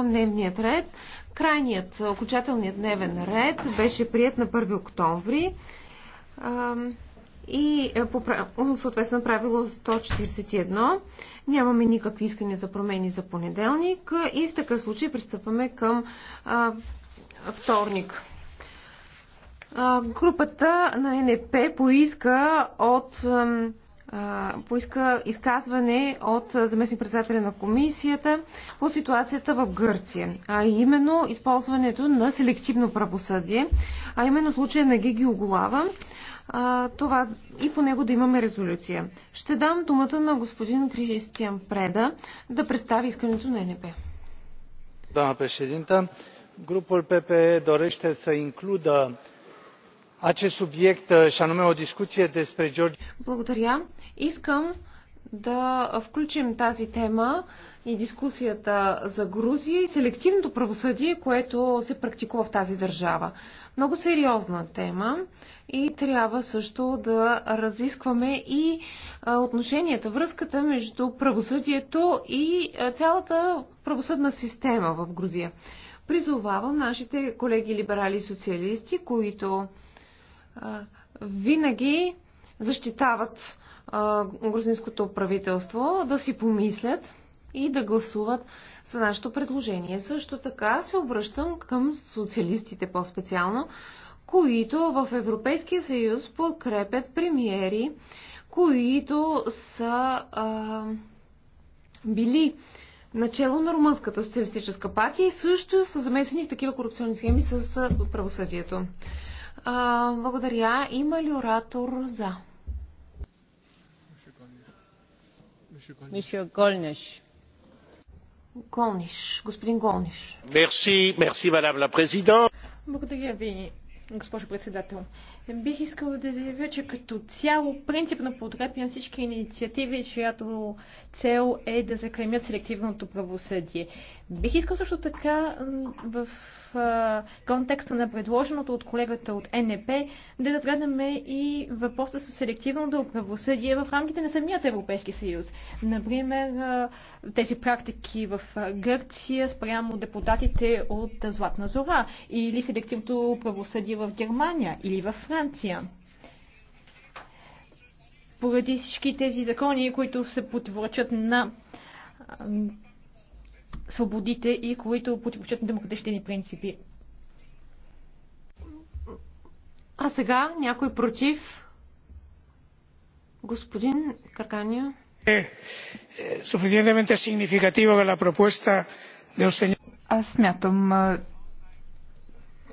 към дневният ред. Крайният, е, окончателният дневен ред беше прият на 1 октомври и е, по съответно правило 141. Нямаме никакви искания за промени за понеделник и в такъв случай пристъпваме към вторник. групата на НП поиска от поиска изказване от заместник-председателя на комисията по ситуацията в Гърция, а именно използването на селективно правосъдие, а именно случая на Гиги Оголава това и по него да имаме резолюция. Ще дам думата на господин Кристиан Преда да представи искането на НП. Doamna președintă, grupul PPE dorește să includă acest subiect uh, și anume o discuție despre Georgia. Благодаря. Искам да включим тази тема и дискусията за Грузия и селективното правосъдие, което се практикува в тази държава. Много сериозна тема и трябва също да разискваме и отношенията, връзката между правосъдието и цялата правосъдна система в Грузия. Призовавам нашите колеги либерали и социалисти, които винаги защитават грузинското правителство, да си помислят и да гласуват за нашето предложение. Също така се обръщам към социалистите по-специално, които в Европейския съюз подкрепят премиери, които са а, били начало на Румънската социалистическа партия и също са замесени в такива корупционни схеми с правосъдието. А, благодаря. Има ли оратор за? Мишо Голниш. Голниш. Господин Голниш. Мерси, мерси, мадам ла президент. Благодаря ви, госпожо председател. Бих искала да заявя, че като цяло принципно подкрепям всички инициативи, чиято цел е да закремят селективното правосъдие. Бих искал също така в контекста на предложеното от колегата от НП да разгледаме и въпроса с селективното правосъдие в рамките на самият Европейски съюз. Например, тези практики в Гърция спрямо депутатите от Златна зора или селективното правосъдие в Германия или в Франция. Франция. Поради всички тези закони, които се противоречат на свободите и които противоречат на демократичните ни принципи. А сега някой против? Господин Карканя. Suficientemente е, е, significativo сигнификативно la пропуста на Аз смятам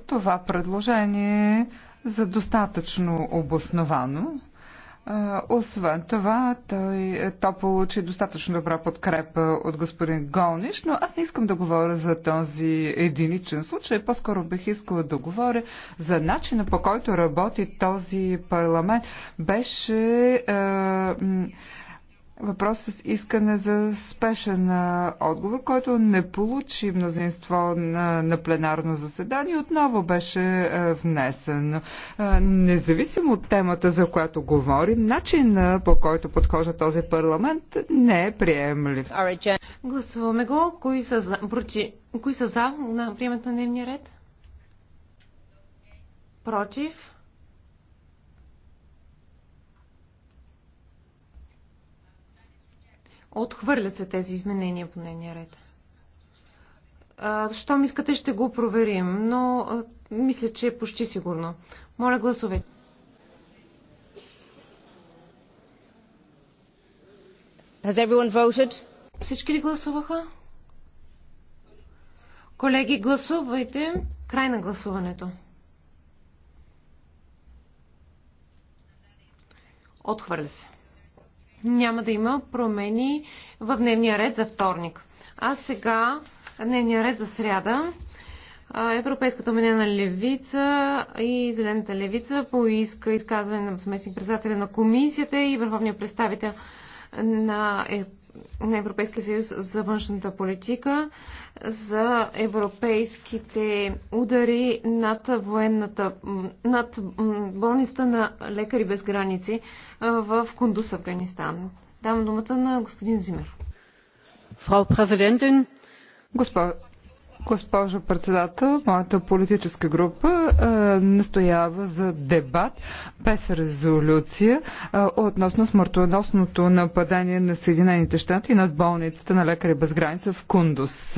това предложение за достатъчно обосновано. Освен това, той, то получи достатъчно добра подкрепа от господин Голниш, но аз не искам да говоря за този единичен случай. По-скоро бих искала да говоря за начина по който работи този парламент. Беше. Е, въпрос с искане за спешен отговор, който не получи мнозинство на, на пленарно заседание, отново беше внесен. Независимо от темата, за която говорим, начинът по който подхожда този парламент не е приемлив. Гласуваме го. Кои са за, прочи, Кои са за на приемата на дневния ред? Против? Отхвърлят се тези изменения по нейния ред. Щом искате, ще го проверим, но а, мисля, че е почти сигурно. Моля, гласувайте. Has everyone voted? Всички ли гласуваха? Колеги, гласувайте. Край на гласуването. Отхвърля се няма да има промени в дневния ред за вторник. А сега дневния ред за сряда. Европейската уменена левица и Зелената левица поиска изказване на заместник председателя на комисията и върховния представител на е- на Европейския съюз за външната политика, за европейските удари над военната, над болницата на лекари без граници в Кундус, Афганистан. Давам думата на господин Зимер. Фрау Президентин, госпожо Госпожо председател, моята политическа група а, настоява за дебат без резолюция а, относно смъртоносното нападение на Съединените щати над болницата на лекари без граница в Кундус.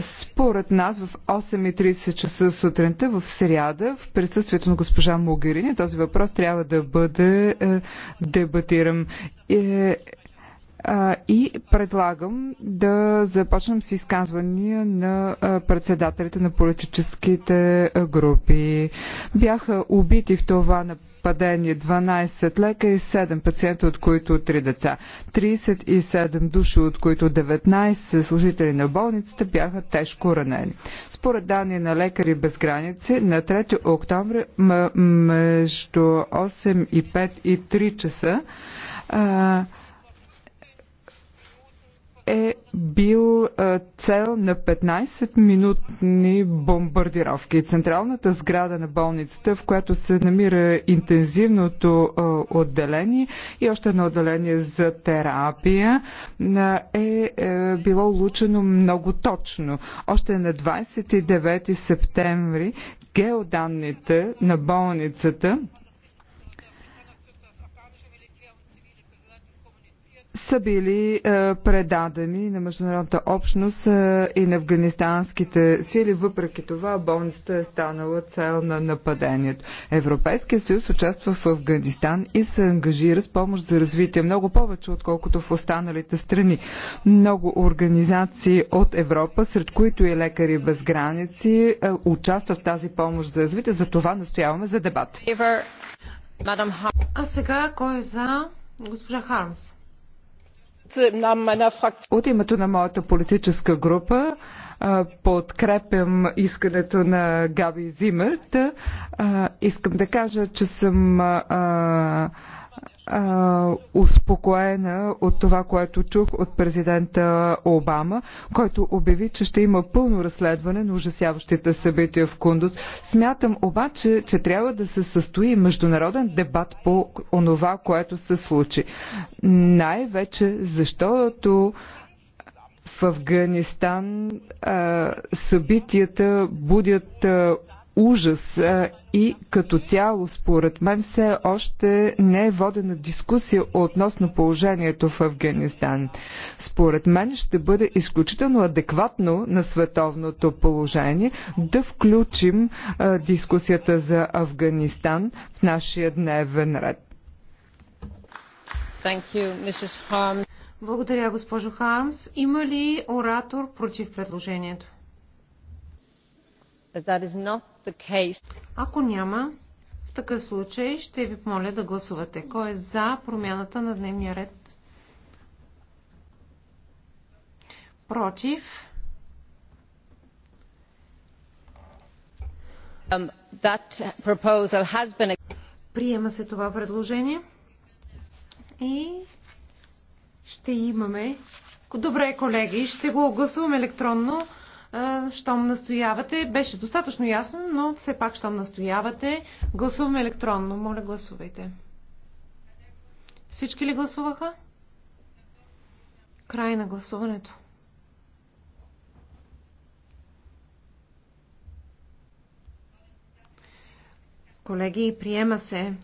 Според нас в 8.30 часа сутринта в сряда в присъствието на госпожа Могерини този въпрос трябва да бъде дебатиран. Е, и предлагам да започнем с изказвания на председателите на политическите групи. Бяха убити в това нападение 12 лека и 7 пациента, от които 3 деца. 37 души, от които 19 служители на болницата бяха тежко ранени. Според данни на лекари без граници, на 3 октомври между 8 и 5 и 3 часа е бил цел на 15-минутни бомбардировки. Централната сграда на болницата, в която се намира интензивното отделение и още едно отделение за терапия, е, е било улучено много точно. Още на 29 септември геоданните на болницата са били е, предадени на международната общност е, и на афганистанските сили. Въпреки това болницата е станала цел на нападението. Европейския съюз участва в Афганистан и се ангажира с помощ за развитие много повече, отколкото в останалите страни. Много организации от Европа, сред които и лекари без граници, е, участват в тази помощ за развитие. За това настояваме за дебат. А сега кой е за госпожа Хармс? От името на моята политическа група подкрепям искането на Габи Зимерт. Искам да кажа, че съм а, успокоена от това, което чух от президента Обама, който обяви, че ще има пълно разследване на ужасяващите събития в Кундус. Смятам обаче, че трябва да се състои международен дебат по онова, което се случи. Най-вече защото в Афганистан а, събитията будят а, ужас и като цяло, според мен, все още не е водена дискусия относно положението в Афганистан. Според мен ще бъде изключително адекватно на световното положение да включим а, дискусията за Афганистан в нашия дневен ред. Thank you, Mrs. Harms. Благодаря, госпожо Хармс. Има ли оратор против предложението? Ако няма, в такъв случай ще ви помоля да гласувате. Кой е за промяната на дневния ред? Против? Um, Приема се това предложение и ще имаме. Добре, колеги, ще го гласуваме електронно щом настоявате. Беше достатъчно ясно, но все пак, щом настоявате, гласуваме електронно. Моля, гласувайте. Всички ли гласуваха? Край на гласуването. Колеги, приема се.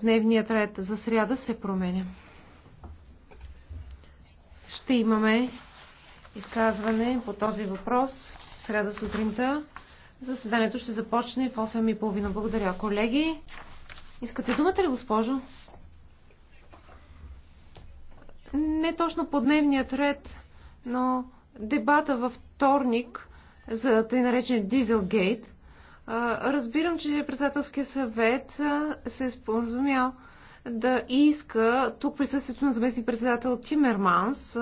Дневният ред за сряда се променя. Ще имаме изказване по този въпрос в среда сутринта. Заседанието ще започне в 8.30. Благодаря, колеги. Искате думата ли, госпожо? Не точно по дневният ред, но дебата във вторник за тъй наречен Дизелгейт. Разбирам, че председателския съвет се е споразумял да иска тук присъствието на заместник председател Тимерманс,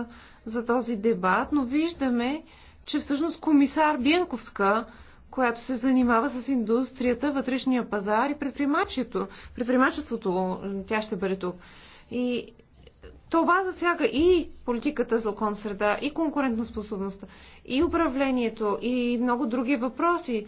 за този дебат, но виждаме, че всъщност комисар Бенковска, която се занимава с индустрията, вътрешния пазар и предприемачеството, предприемачеството тя ще бъде тук. И това засяга и политиката за окон среда, и конкурентоспособността, и управлението, и много други въпроси.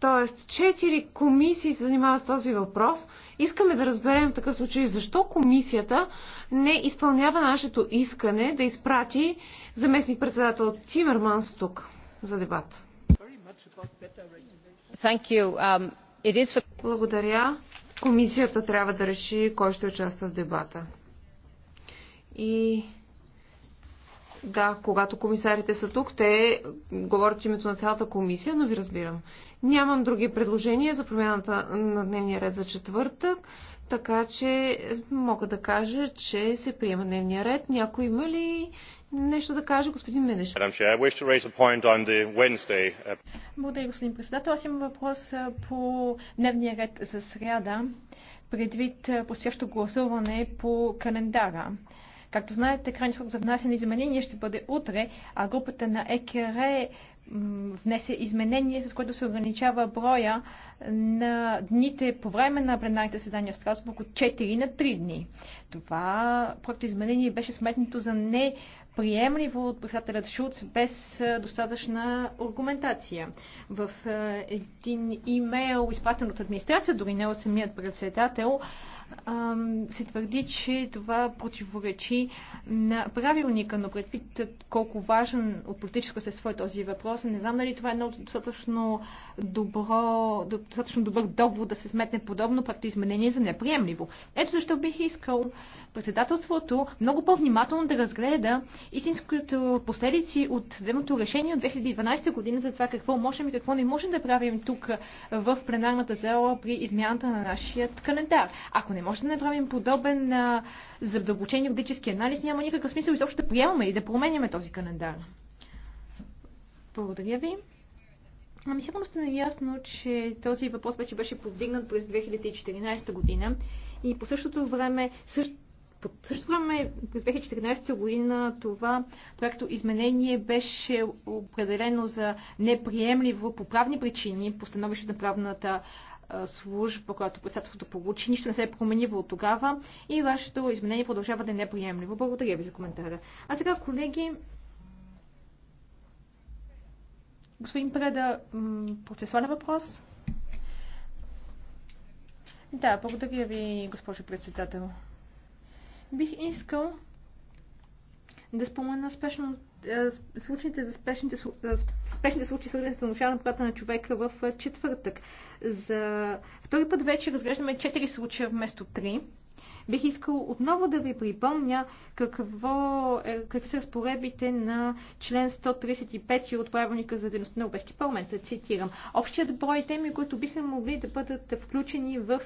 Тоест, четири комисии се занимават с този въпрос. Искаме да разберем в такъв случай защо комисията не изпълнява нашето искане да изпрати заместник председател Тимерманс тук за дебат. Um, Благодаря. Комисията трябва да реши кой ще участва в дебата. И да, когато комисарите са тук, те говорят името на цялата комисия, но ви разбирам. Нямам други предложения за промяната на дневния ред за четвъртък, така че мога да кажа, че се приема дневния ред. Някой има ли нещо да каже, господин Менеш? Благодаря, господин председател. Аз имам въпрос по дневния ред за сряда, предвид постоящо гласуване по календара. Както знаете, крайният срок за внасяне изменения ще бъде утре, а групата на ЕКР внесе изменение, с което се ограничава броя на дните по време на пленарните седания в Страсбург от 4 на 3 дни. Това проекто изменение беше сметнато за не приемливо от председателят Шулц без достатъчна аргументация. В един имейл, изпратен от администрация, дори не от самият председател, се твърди, че това противоречи на правилника, но предвид колко важен от политическа се свой този въпрос, не знам дали това е едно достатъчно, добро, достатъчно добър довод да се сметне подобно пакто изменение за неприемливо. Ето защо бих искал председателството много по-внимателно да разгледа истинското последици от съдебното решение от 2012 година за това какво можем и какво не можем да правим тук в пленарната зала при измяната на нашия календар. Ако не не може да направим подобен а, задълбочен юридически анализ, няма никакъв смисъл изобщо да приемаме и да променяме този календар. Благодаря ви. Ами сигурно сте наясно, че този въпрос вече беше повдигнат през 2014 година и по същото време, също, по същото време през 2014 година това проекто изменение беше определено за неприемливо по правни причини по становище на правната служба, която председателството получи. Нищо не се е променило от тогава и вашето изменение продължава да е неприемливо. Благодаря ви за коментара. А сега, колеги, господин Преда, процесуален въпрос? Да, благодаря ви, госпожо председател. Бих искал да спомена спешно е, случаите за спешните, е, спешните случаи, свързани с нарушаване правата на човека в е, четвъртък. За втори път вече разглеждаме четири случая вместо три. Бих искал отново да ви припомня какво, е, какви са разпоредбите на член 135 от правилника за дейността на Европейски парламент. Цитирам. Общият брой теми, които биха могли да бъдат включени в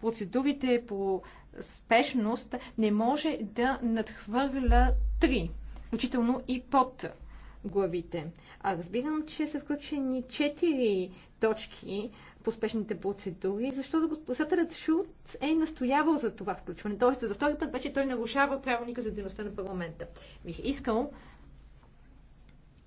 процедурите по спешност не може да надхвърля 3 включително и под главите. А разбирам, че са включени четири точки по спешните процедури, защото председателят Шут е настоявал за това включване. Тоест, за втори път вече той нарушава правилника за дейността на парламента. Бих искал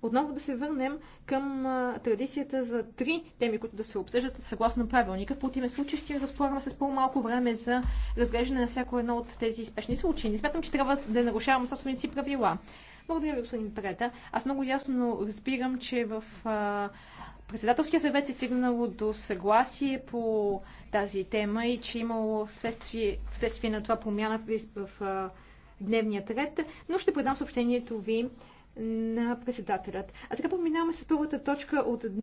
отново да се върнем към а, традицията за три теми, които да се обсъждат съгласно правилника. В противен случай ще разполагаме с по-малко време за разглеждане на всяко едно от тези спешни случаи. Не смятам, че трябва да нарушавам собствените си правила. Благодаря ви, господин Прета. Аз много ясно разбирам, че в а, председателския съвет се е стигнало до съгласие по тази тема и че е имало вследствие, вследствие на това промяна в, в а, дневният ред, но ще предам съобщението ви на председателят. А сега поминаваме с първата точка от